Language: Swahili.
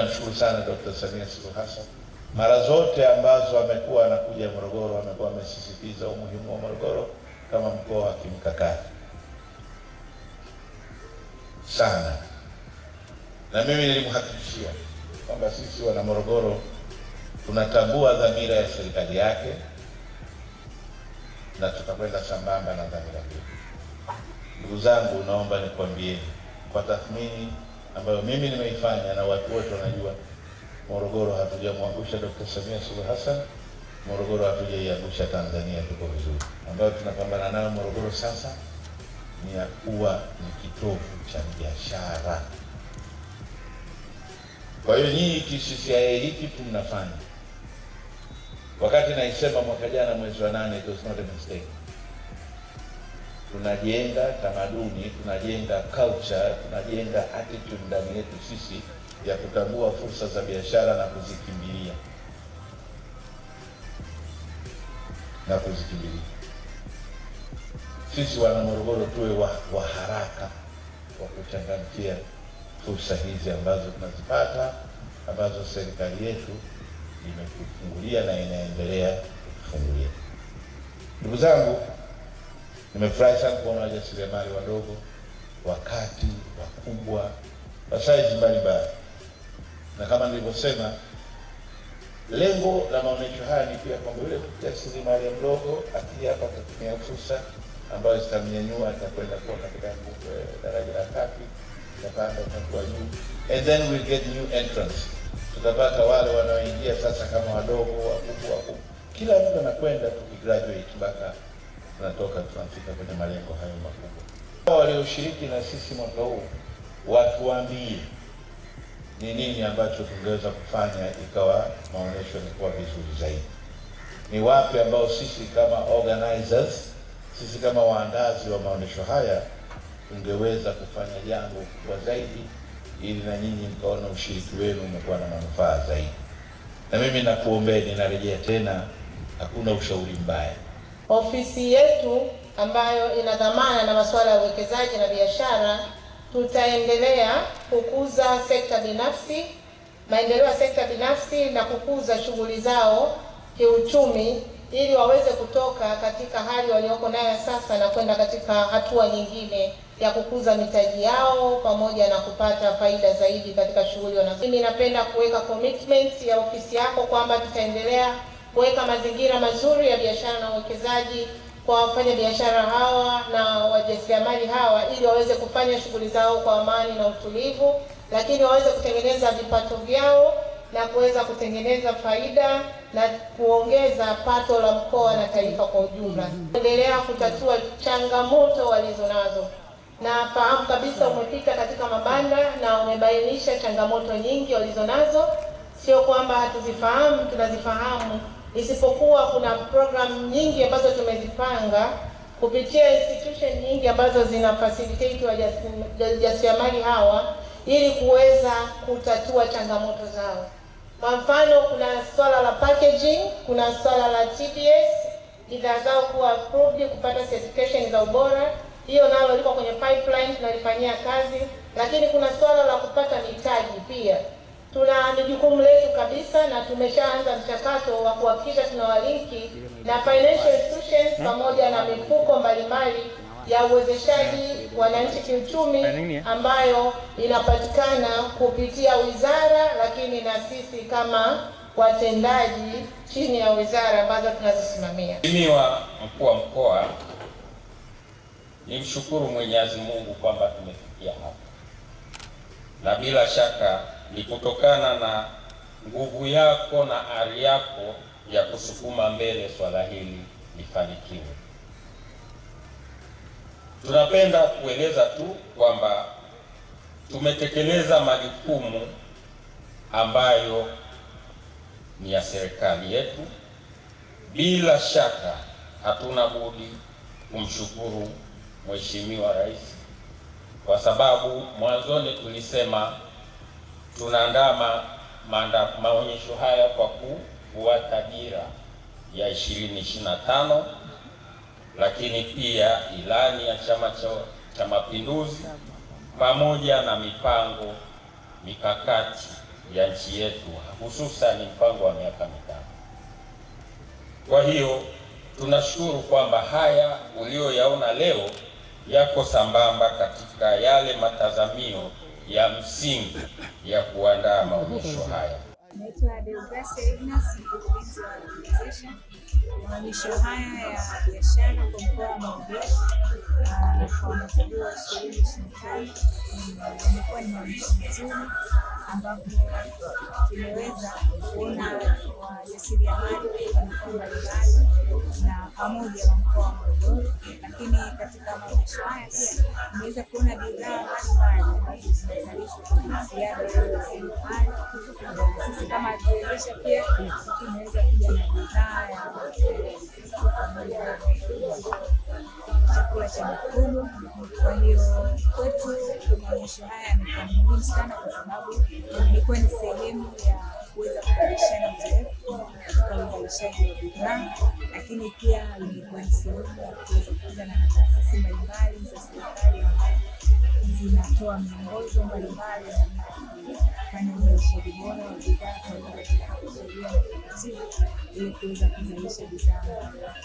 namshukuru sana Dkt. Samia Suluhu Hassan. Mara zote ambazo amekuwa anakuja Morogoro, amekuwa amesisitiza umuhimu wa Morogoro kama mkoa wa kimkakati sana, na mimi nilimhakikishia kwamba sisi wana Morogoro tunatambua dhamira ya serikali yake na tutakwenda sambamba na dhamira hiyo. Ndugu zangu, naomba nikwambie kwa tathmini ambayo mimi nimeifanya na watu wote wanajua, Morogoro hatujamwangusha Dr. Samia Suluhu Hassan, Morogoro hatujaiangusha Tanzania, tuko vizuri. Ambayo tunapambana nayo Morogoro sasa ni ya kuwa ni kitovu cha biashara. Kwa hiyo nyinyi KCCIA hiki tu mnafanya, wakati naisema mwaka jana mwezi wa nane, it was not a mistake tunajenga tamaduni, tunajenga culture, tunajenga attitude ndani yetu sisi ya kutambua fursa za biashara na kuzikimbilia na kuzikimbilia. Sisi wana Morogoro tuwe wa, wa haraka wa kuchangamkia fursa hizi ambazo tunazipata ambazo serikali yetu imekufungulia na inaendelea kufungulia. Ndugu zangu Nimefurahi sana kuona wajasiriamali wadogo, wakati wakubwa, wa saizi mbalimbali, na kama nilivyosema, lengo la maonyesho haya ni pia kwamba yule mjasiriamali mdogo akija hapa atatumia fursa ambayo zitamnyanyua, atakwenda kuwa katika eh, daraja la tatu, atapanda utakuwa juu, and then we get new entrance. Tutapata wale wanaoingia sasa kama wadogo, wakubwa, wakubwa, kila mtu anakwenda tukigraduate mpaka tunatoka tunafika kwenye malengo hayo makubwa. Walioshiriki na sisi mwaka huu watuambie ni nini ambacho tungeweza kufanya ikawa maonyesho yamekuwa vizuri zaidi, ni wapi ambao sisi kama organizers, sisi kama waandazi wa maonyesho haya tungeweza kufanya jambo kubwa zaidi, ili na nyinyi mkaona ushiriki wenu umekuwa na manufaa zaidi. Na mimi nakuombeni, narejea tena, hakuna ushauri mbaya. Ofisi yetu ambayo ina dhamana na masuala ya uwekezaji na biashara, tutaendelea kukuza sekta binafsi, maendeleo ya sekta binafsi na kukuza shughuli zao kiuchumi ili waweze kutoka katika hali walioko nayo sasa na kwenda katika hatua nyingine ya kukuza mitaji yao pamoja na kupata faida zaidi katika shughuli wanazo. Mimi napenda kuweka commitment ya ofisi yako kwamba tutaendelea kuweka mazingira mazuri ya biashara na uwekezaji kwa wafanyabiashara hawa na wajasiriamali hawa ili waweze kufanya shughuli zao kwa amani na utulivu, lakini waweze kutengeneza vipato vyao na kuweza kutengeneza faida na kuongeza pato la mkoa na taifa kwa ujumla. Endelea kutatua changamoto walizo nazo Nafahamu kabisa umefika katika mabanda na umebainisha changamoto nyingi walizonazo, sio kwamba hatuzifahamu, tunazifahamu isipokuwa kuna programu nyingi ambazo tumezipanga kupitia institution nyingi ambazo zina facilitate wajasiriamali hawa ili kuweza kutatua changamoto zao. Kwa mfano, kuna swala la packaging, kuna swala la tps bidhaa zao kuwa approved, kupata certification za ubora, hiyo nalo liko kwenye pipeline tunalifanyia kazi, lakini kuna swala la kupata mitaji pia tuna ni jukumu letu kabisa, na tumeshaanza mchakato wa kuhakikisha tunawalinki na financial institutions pamoja na mifuko mbalimbali ya uwezeshaji wananchi kiuchumi eh? ambayo inapatikana kupitia wizara, lakini na sisi kama watendaji chini ya wizara ambazo tunazisimamia. Mimi wa mkuu wa mkoa nimshukuru Mwenyezi Mungu kwamba tumefikia hapa na bila shaka ni kutokana na nguvu yako na ari yako ya kusukuma mbele swala hili lifanikiwe. Tunapenda kueleza tu kwamba tumetekeleza majukumu ambayo ni ya serikali yetu. Bila shaka hatuna budi kumshukuru Mheshimiwa Rais kwa sababu mwanzoni tulisema tunaandaa maonyesho haya kwa kufuata dira ya 2025 lakini pia ilani ya Chama cha Mapinduzi pamoja na mipango mikakati ya nchi yetu, hususan mpango wa miaka mitano. Kwa hiyo tunashukuru kwamba haya ulioyaona leo yako sambamba katika yale matazamio ya msingi ya kuandaa maonyesho haya. Naitwa Deograsi Ignas, mkurugenzi wa organization. Maonyesho haya ya biashara kwa mkoa wa Morogoro ah, kwa mwaka huu wa ishirini ishirini na tano imekuwa ni maonyesho mazuri, ambapo tumeweza kuona wajasiriamali wa mikoa mbalimbali na pamoja wa mkoa wa Morogoro. Lakini katika maonyesho haya pia tumeweza kuona bidhaa ziada hiyo. Sisi kama tuwezesha pia tunaweza kuja na bidhaa ya eh, chakula cha mifugo. Kwa hiyo kwetu maonyesho haya ni muhimu sana, kwa sababu ilikuwa ni sehemu ya kuweza kubadilishana uzoefu katika uzalishaji wa bidhaa, lakini pia imekuwa ni sehemu ya kuweza kuja na taasisi mbalimbali za serikali ambazo zinatoa miongozo mbalimbali kufanya uzalishaji bora wa bidhaa pamoja ili kuweza kuzalisha bidhaa